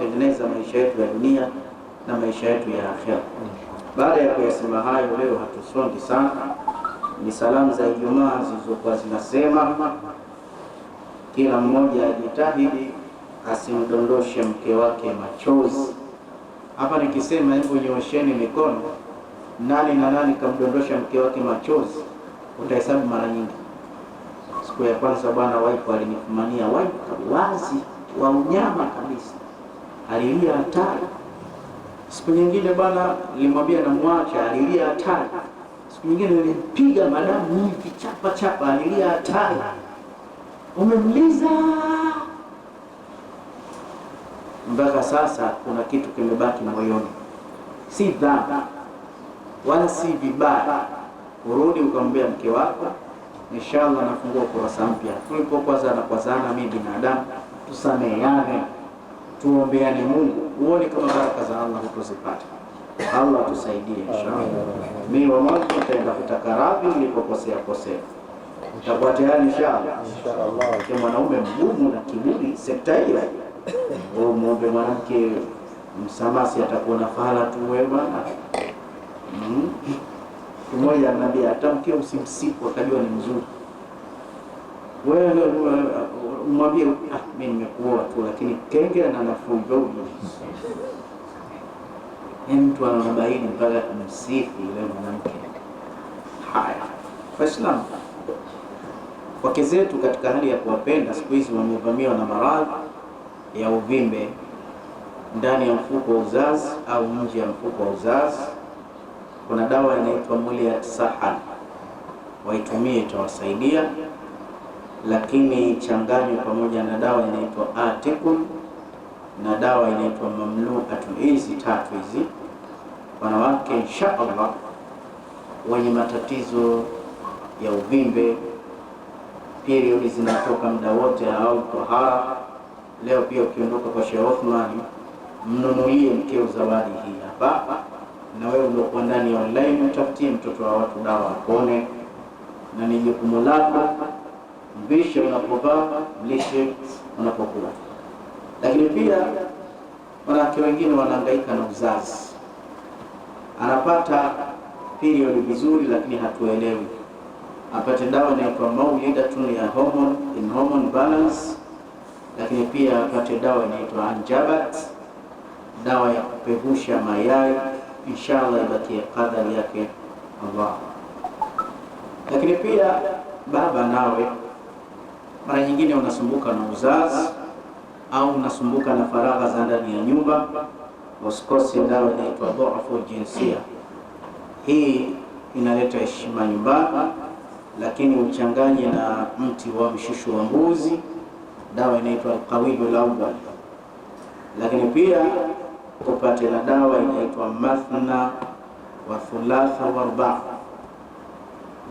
kutengeneza maisha yetu ya dunia na maisha yetu ya akhera. Baada ya kuyasema hayo, leo hatusongi sana, ni salamu za Ijumaa zilizokuwa zinasema kila mmoja ajitahidi asimdondoshe mke wake machozi. Hapa nikisema hivyo, nyoosheni mikono, nani na nani kamdondosha mke wake machozi? Utahesabu mara nyingi. Siku ya kwanza bwana waifu alinifumania waifu wazi wa unyama kabisa alilia hatari. Siku nyingine bwana, nilimwambia mwacha alilia hatari. Siku nyingine nilimpiga madamu hivi chapa chapa, alilia hatari. Umemliza mpaka sasa, kuna kitu kimebaki moyoni, si dhambi wala si vibaya urudi ukamwambia mke wako, inshallah nafungua kurasa mpya. Tulipo na kwazana, mimi binadamu, tusameheane tuombeane Mungu uone kama baraka za Allah hutozipata. Allah tusaidie inshallah. Mimi wa mwanzo nitaenda kutaka radhi nilipokosea kosea, nitakuwa tayari inshallah. Inshallah mwanaume mgumu na kiburi sekta hiyo, wewe muombe mwanamke msamasi, atakuwa na fahala tu wewe bana. Mmoja hmm? ananiambia hata mke usimsiku akajua ni mzuri wewe mwambie ah, mimi nimekuoa tu, lakini kenge na nafunga ni Mtu ana mpaka kumsifu ile mwanamke. Haya, Waislamu wake zetu katika hali ya kuwapenda siku hizi wamevamiwa na maradhi ya uvimbe ndani ya mfuko wa uzazi au nje ya mfuko wa uzazi. Kuna dawa inaitwa muliat sahal, waitumie, itawasaidia lakini changanywe pamoja na dawa inaitwa Atikun na dawa inaitwa Mamluatu. Hizi tatu hizi, wanawake insha Allah wenye matatizo ya uvimbe, periodi zinatoka muda wote, au tohara. Leo pia ukiondoka kwa Sheikh Othman, mnunulie mkeo zawadi hii hapa, na wewe uliokuwa ndani ya online, utafutie mtoto wa watu dawa apone, na ni jukumu lako mvishe unapovaa, mlishe unapokula. Lakini pia wanawake wengine wanahangaika na uzazi, anapata period vizuri, lakini hatuelewi apate dawa inaitwa maulidatun ya hormone in hormone balance, lakini pia apate dawa inaitwa anjabat, dawa ya kupevusha mayai. Inshallah ibakie kadhari yake Allah. Lakini pia baba nawe mara nyingine unasumbuka na uzazi au unasumbuka na faragha za ndani ya nyumba, wasikose dawa inaitwa dhaafu jinsia. Hii inaleta heshima nyumbani, lakini uchanganye na mti wa mshishu wa mbuzi, dawa inaitwa alqawiyu lawal. Lakini pia upate na dawa inaitwa mathna wa thulatha wa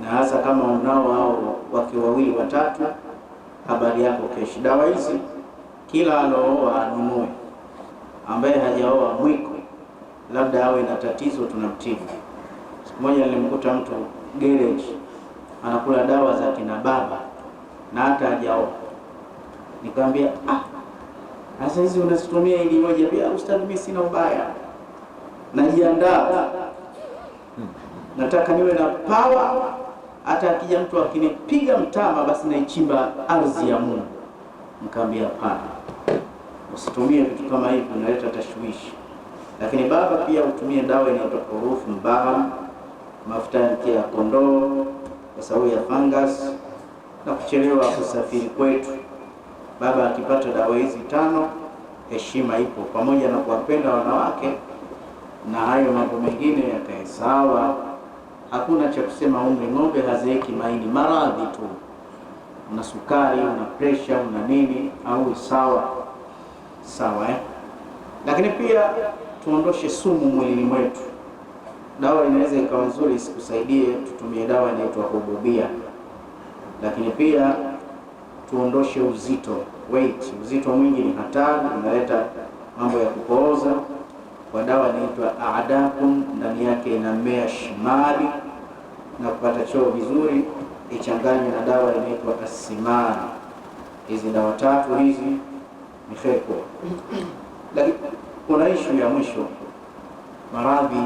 na hasa kama unao hao wake wawili watatu habari yako kesho. Dawa hizi kila alooa anunue, ambaye hajaoa mwiko, labda awe na tatizo, tunamtibu. Siku moja nilimkuta mtu garage anakula dawa za kina baba na hata hajaoa. Nikamwambia ah, sasa hizi unazitumia ili moja pia. Ustadhi, mimi sina ubaya, najiandaa, nataka niwe na power hata akija mtu akinipiga mtama, basi naichimba ardhi ya Mungu. Mkaambia hapana, usitumie vitu kama hivi, unaleta tashwishi. Lakini baba, pia utumie dawa inaitwa kurufu mbaha, mafuta ya ya kondoo kwa sababu ya fungus na kuchelewa kusafiri kwetu. Baba akipata dawa hizi tano, heshima ipo, pamoja na kuwapenda wanawake na hayo mambo mengine yakae sawa hakuna cha kusema umri, ng'ombe hazeeki maini, maradhi tu. Una sukari, una presha, una nini, au sawa sawa eh? Lakini pia tuondoshe sumu mwilini mwetu. Dawa inaweza ikawa nzuri isikusaidie, tutumie dawa inaitwa hububia. Lakini pia tuondoshe uzito, weight. Uzito mwingi ni hatari, unaleta mambo ya kupooza kwa dawa inaitwa Aadakum, ndani yake ina mmea shimari na kupata choo vizuri, ichanganywe na dawa inaitwa asimari. Hizi dawa tatu hizi ni heko Lakini kuna ishu ya mwisho, maradhi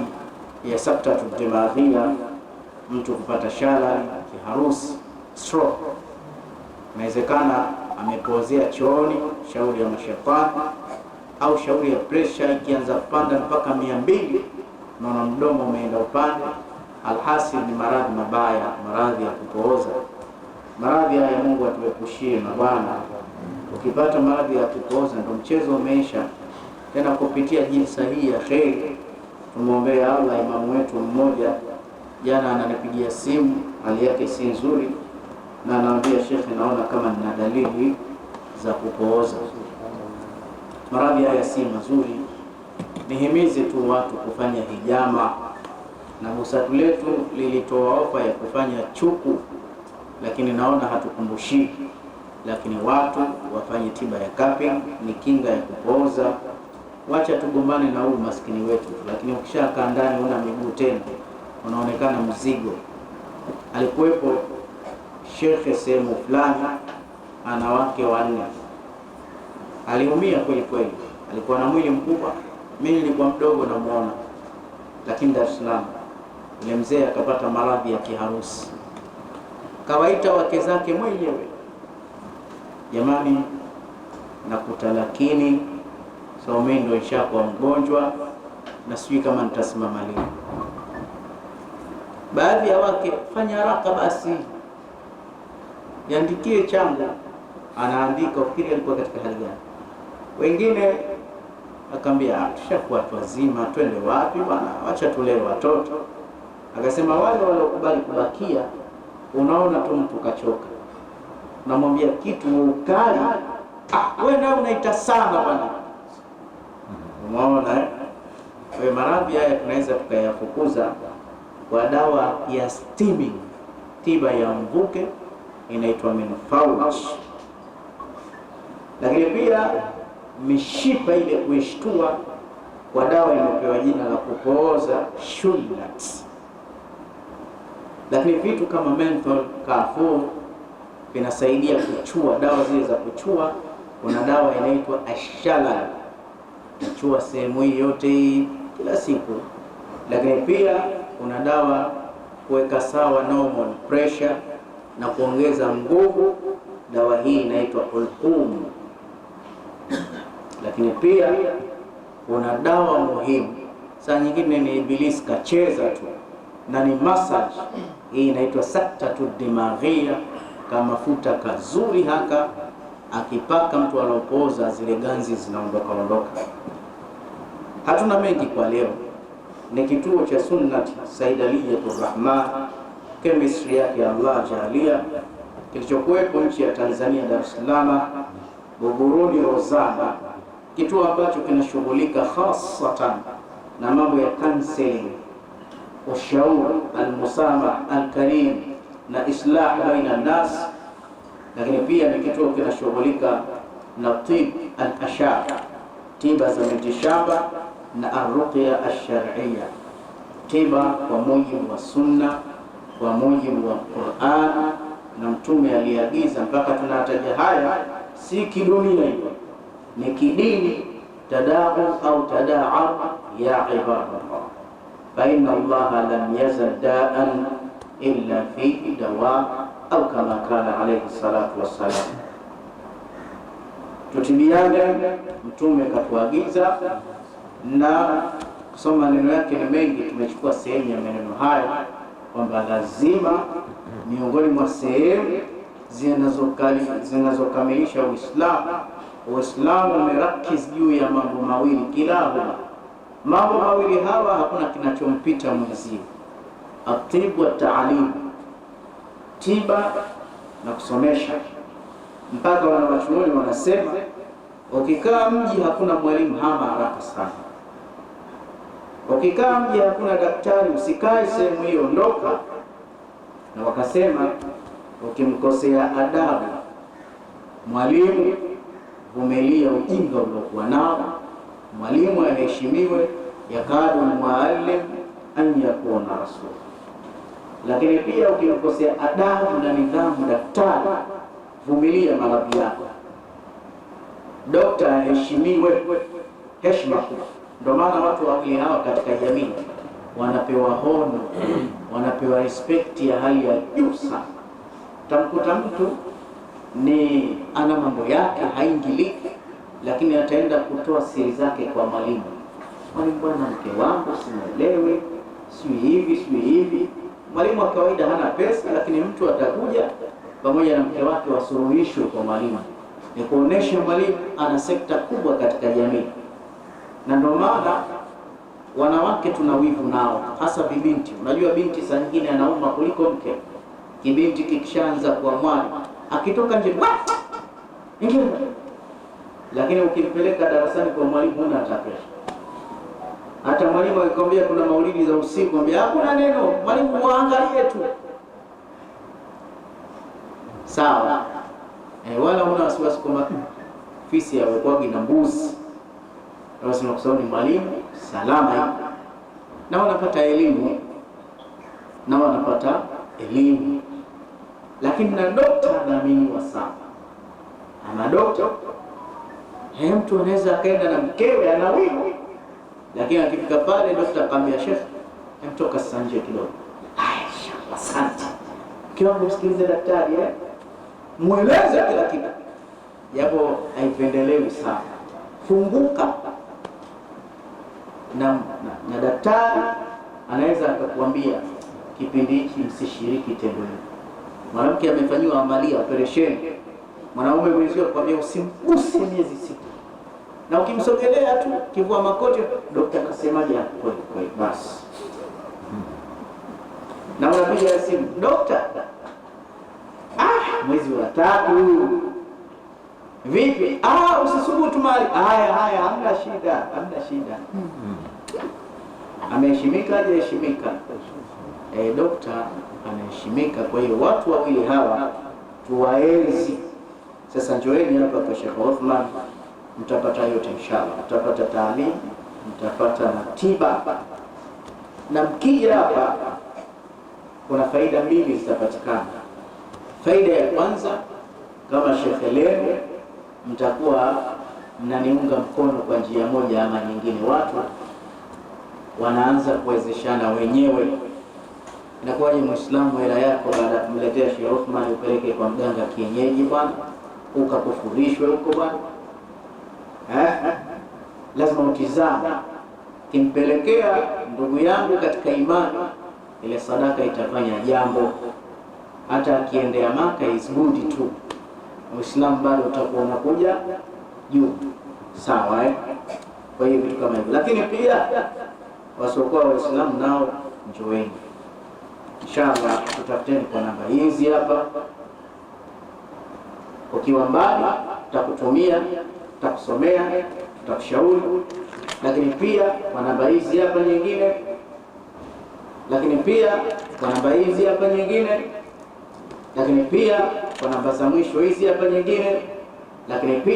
ya saptatu dimaghia, mtu kupata shara, kiharusi, stroke. Inawezekana amepozea chooni, shauri ya mashetani au shauri ya presha ikianza kupanda mpaka mia mbili, naona mdomo umeenda upande. Alhasil ni maradhi mabaya, maradhi ya kupooza. Maradhi haya Mungu atuepushie Bwana. Ukipata maradhi ya kupooza ndo mchezo umeisha. Tena kupitia jinsi sahihi ya kheri, tumwombee Allah. Imamu wetu mmoja jana ananipigia simu, hali yake si nzuri, na anaambia shekhe, naona kama nina dalili za kupooza maradhi haya si mazuri, nihimize tu watu kufanya hijama, na busatu letu lilitoa ofa ya kufanya chuku, lakini naona hatukumbushii. Lakini watu wafanye tiba ya kapi ni kinga ya kupooza. Wacha tugombane na huu maskini wetu, lakini ukishakaa ndani una miguu tena unaonekana mzigo. Alikuwepo shekhe sehemu fulani, ana wake wanne aliumia kweli kweli, alikuwa na mwili mkubwa, mimi nilikuwa mdogo namuona, lakini Dar es Salaam yule mzee akapata maradhi ya kiharusi, kawaita wake zake mwenyewe. Jamani, nakuta lakini so mimi ndo nishakuwa mgonjwa na sijui kama nitasimama lini. Baadhi ya wake, fanya haraka basi, niandikie changu. Anaandika, ufikiri alikuwa katika hali gani? Wengine akaambia tushakuwa watu wazima, twende wapi bwana, wacha tulee watoto. Akasema wale waliokubali kubakia, unaona tu mtu kachoka, namwambia kitu ukali, ah, wewe nao unaita sana bwana, unaona eh? kwa maradhi haya tunaweza tukayafukuza kwa dawa ya steaming, tiba ya mvuke inaitwa menopause, lakini pia mishipa ile kuishtua kwa dawa iliyopewa jina la kupooza shunnat. lakini vitu kama menthol, kafur vinasaidia kuchua, dawa zile za kuchua. Kuna dawa inaitwa ashalal, kuchua sehemu hii yote hii kila siku, lakini pia kuna dawa kuweka sawa normal pressure na kuongeza nguvu, dawa hii inaitwa ulqum lakini pia una dawa muhimu. Saa nyingine ni Ibilisi kacheza tu na ni massage hii inaitwa saktatu dimaghia, mafuta kazuri haka, akipaka mtu anaopoza zile ganzi zinaondoka ondoka. Hatuna mengi kwa leo. Ni kituo cha Sunnat Said Aliyatur Rahman, chemistry yake Allah jalia, kilichokuwepo nchi ya Tanzania, Dar es Salaam, Buguruni Rozana kituo ambacho kinashughulika hasatan na mambo ya counseling, ushauri, almusamah alkarim na islah baina nas, lakini pia ni kituo kinashughulika na tib alasha, tiba za mitishamba na arruqya alshar'iyya, tiba kwa mujibu wa sunna, kwa mujibu wa Qur'an na Mtume aliagiza. Mpaka tunataja haya si kidunia hivyo ni kidini, tadau au tadaa ya ibadallah, faina allaha lam yazal daan illa fi dawa au kama kala alayhi salatu wassalam. Tutibiane, Mtume katuagiza na kusoma maneno yake ni mengi. Tumechukua sehemu ya maneno hayo kwamba lazima miongoni mwa sehemu zinazokamilisha Uislamu Uislamu umerakiz juu ya mambo mawili kilahuma, mambo mawili hawa hakuna kinachompita mwenzie, atibu wa taalimu, tiba na kusomesha. Mpaka wanawachuoni wanasema ukikaa mji hakuna mwalimu, hama haraka sana. Ukikaa mji hakuna daktari, usikae sehemu hiyo, ondoka. Na wakasema ukimkosea adabu mwalimu vumilia ujinga uliokuwa nao. Mwalimu aheshimiwe, yakadu anya an yakuna rasul. Lakini pia ukimkosea adabu na nidhamu daktari, vumilia maradhi yako. Dokta aheshimiwe, heshima. Ndio maana watu wawili hawa katika jamii wanapewa hono, wanapewa respekti ya hali ya juu sana. Tamkuta mtu ni ana mambo yake haingiliki, lakini ataenda kutoa siri zake kwa mwalimu. Mwalimu, bwana, mke wangu simwelewe, sijui hivi sijui hivi. Mwalimu wa kawaida hana pesa, lakini mtu atakuja pamoja na mke wake wasuluhishwe kwa mwalimu. Ni kuonesha mwalimu ana sekta kubwa katika jamii, na ndio maana wanawake tuna wivu nao, hasa vibinti. Unajua binti saa nyingine anauma kuliko mke. Kibinti kikishaanza kuamwali akitoka nje ingia, lakini ukimpeleka darasani kwa mwalimu una atapesha Hata mwalimu akikwambia kuna maulidi za usiku, ambia hakuna neno, mwalimu waangalie tu, sawa e, wala una wasiwasi kwamba fisi yawekwagi na mbuzi kwa sababu ni mwalimu salama, na wanapata elimu na wanapata elimu lakini na dokta wa sana. Ana dokta he, mtu anaweza akaenda na mkewe anawiwi, lakini akifika pale dokta akamwambia shekhe, emtoka sanje kidogo. Aisha, asante mke wangu, msikilize daktari eh, mweleze kila kitu, japo haipendelewi sana. Funguka na, na, na daktari anaweza akakuambia kipindi hiki msishiriki tendo hili Mwanamke amefanyiwa amalia operation, mwanaume mwenziwe kwambia usimguse miezi sita, na ukimsogelea tu kivua makoti, dokta kasemaje? Kweli kweli, basi na unapiga simu dokta, ah, mwezi wa tatu vipi? Ah, usisubutu mali. Haya haya, hamna shida, hamna shida. Hmm. Ameheshimika hajaheshimika eh, dokta anaheshimika. Kwa hiyo watu wawili hawa tuwaenzi. Sasa njoeni hapa kwa Sheikh Othman, mtapata yote inshallah, mtapata taalimu mtapata tiba na mkija hapa kuna faida mbili zitapatikana. Faida ya kwanza, kama shekhe leo mtakuwa mnaniunga mkono kwa njia moja ama nyingine, watu wanaanza kuwezeshana wenyewe. Inakuwaje Muislamu hela yako baada ya kumletea Sheikh Othman upeleke kwa mganga kienyeji bwana, ukakufurishwe huko bwana? Eh, eh, eh. Lazima utizame, kimpelekea ndugu yangu katika imani, ile sadaka itafanya jambo. Hata akiendea Maka isbudi tu, Muislamu bado utakuwa unakuja juu, sawa eh? Kwa hiyo vitu kama hivyo, lakini pia wasiokuwa Waislamu nao wengi Inshallah tutafuteni kwa namba hizi hapa, ukiwa mbali tutakutumia, tutakusomea, tutakushauri, lakini pia kwa namba hizi hapa nyingine, lakini pia kwa namba hizi hapa nyingine, lakini pia kwa namba za mwisho hizi hapa nyingine, lakini pia